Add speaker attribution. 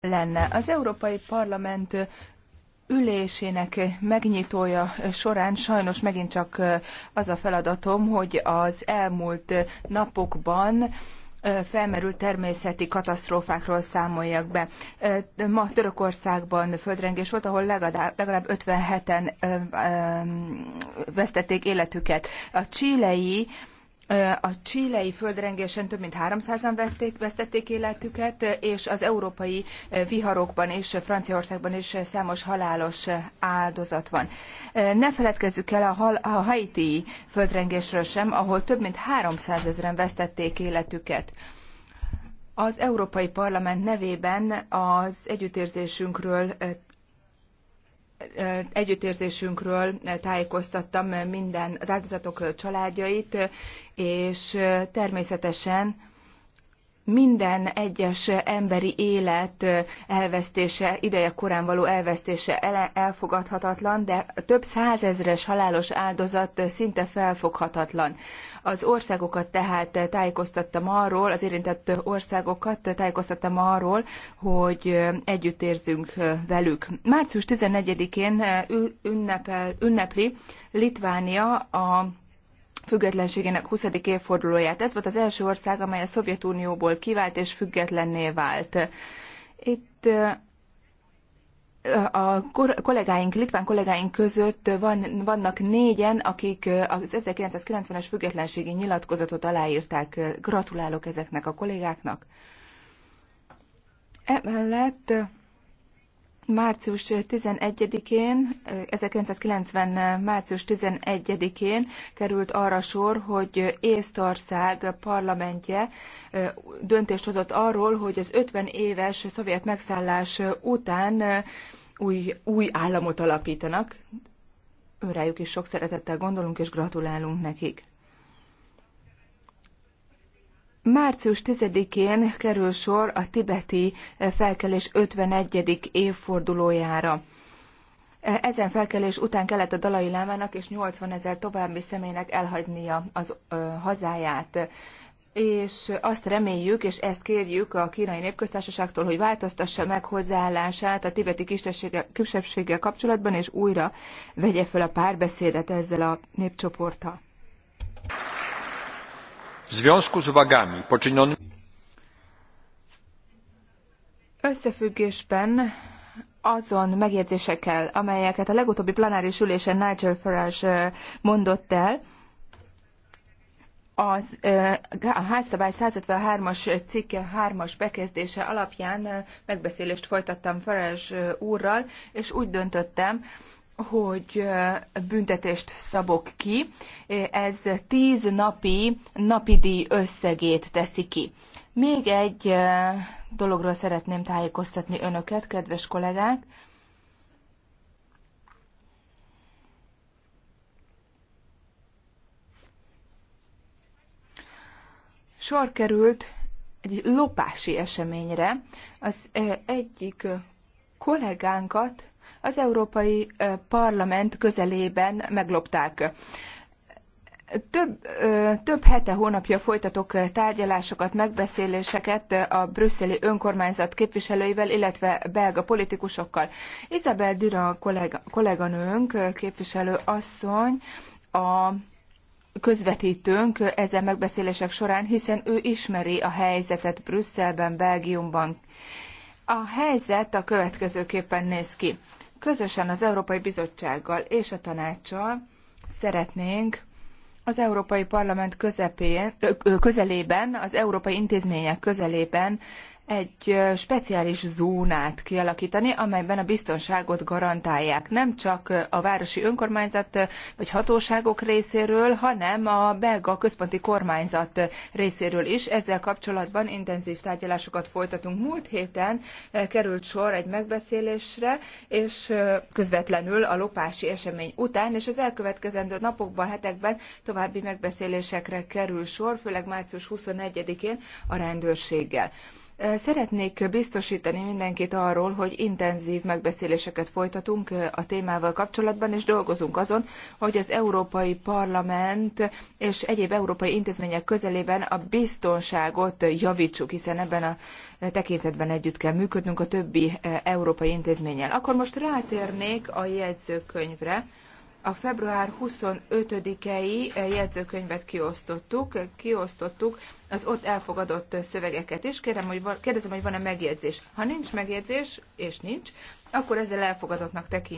Speaker 1: lenne. Az Európai Parlament ülésének megnyitója során sajnos megint csak az a feladatom, hogy az elmúlt napokban felmerült természeti katasztrófákról számoljak be. Ma Törökországban földrengés volt, ahol legalább 57-en vesztették életüket. A csilei a csílei földrengésen több mint 300-an vették, vesztették életüket, és az európai viharokban és Franciaországban is számos halálos áldozat van. Ne feledkezzük el a, ha- a haiti földrengésről sem, ahol több mint 300 ezeren vesztették életüket. Az Európai Parlament nevében az együttérzésünkről együttérzésünkről tájékoztattam minden az áldozatok családjait, és természetesen minden egyes emberi élet elvesztése, ideje korán való elvesztése elfogadhatatlan, de több százezres halálos áldozat szinte felfoghatatlan. Az országokat tehát tájékoztattam arról, az érintett országokat tájékoztattam arról, hogy együtt érzünk velük. Március 14-én ünnepel, ünnepli Litvánia a függetlenségének 20. évfordulóját. Ez volt az első ország, amely a Szovjetunióból kivált és függetlenné vált. Itt a kollégáink, litván kollégáink között van, vannak négyen, akik az 1990-es függetlenségi nyilatkozatot aláírták. Gratulálok ezeknek a kollégáknak. Emellett március 11-én, 1990. Eh, eh, március 11-én került arra sor, hogy Észtország parlamentje eh, döntést hozott arról, hogy az 50 éves szovjet megszállás után új, új államot alapítanak. Őrájuk is sok szeretettel gondolunk és gratulálunk nekik. Március 10-én kerül sor a tibeti eh, felkelés 51. évfordulójára. Eh, ezen felkelés után kellett a Dalai Lámának és 80 ezer további személynek elhagynia az ö, hazáját. És azt reméljük, és ezt kérjük a kínai népköztársaságtól, hogy változtassa meg hozzáállását a tibeti kisebbséggel kapcsolatban, és újra vegye föl a párbeszédet ezzel a népcsoporttal. W związku z uwagami poczynionymi Összefüggésben azon megjegyzésekkel, amelyeket a legutóbbi plenáris ülésen Nigel Farage mondott el, az, a házszabály 153-as cikke 3-as bekezdése alapján megbeszélést folytattam Farage úrral, és úgy döntöttem, hogy büntetést szabok ki. Ez tíz napi napidi összegét teszi ki. Még egy dologról szeretném tájékoztatni önöket, kedves kollégák. Sor került egy lopási eseményre. Az egyik kollégánkat az Európai Parlament közelében meglopták. Több, több hete, hónapja folytatok tárgyalásokat, megbeszéléseket a brüsszeli önkormányzat képviselőivel, illetve belga politikusokkal. Isabel Dura kollega, kolléganőnk, képviselő asszony, a közvetítőnk ezen megbeszélések során, hiszen ő ismeri a helyzetet Brüsszelben, Belgiumban, a helyzet a következőképpen néz ki. Közösen az Európai Bizottsággal és a tanácssal szeretnénk az Európai Parlament közepén, közelében, az európai intézmények közelében egy speciális zónát kialakítani, amelyben a biztonságot garantálják. Nem csak a városi önkormányzat vagy hatóságok részéről, hanem a belga központi kormányzat részéről is. Ezzel kapcsolatban intenzív tárgyalásokat folytatunk. Múlt héten került sor egy megbeszélésre, és közvetlenül a lopási esemény után, és az elkövetkezendő napokban, hetekben további megbeszélésekre kerül sor, főleg március 21-én a rendőrséggel. Szeretnék biztosítani mindenkit arról, hogy intenzív megbeszéléseket folytatunk a témával kapcsolatban, és dolgozunk azon, hogy az Európai Parlament és egyéb európai intézmények közelében a biztonságot javítsuk, hiszen ebben a tekintetben együtt kell működnünk a többi európai intézménnyel. Akkor most rátérnék a jegyzőkönyvre a február 25-i eh, jegyzőkönyvet kiosztottuk, eh, kiosztottuk az ott elfogadott szövegeket is. Kérem, hogy van, kérdezem, hogy van-e megjegyzés. Ha nincs megjegyzés, és nincs, akkor ezzel elfogadottnak tekintjük.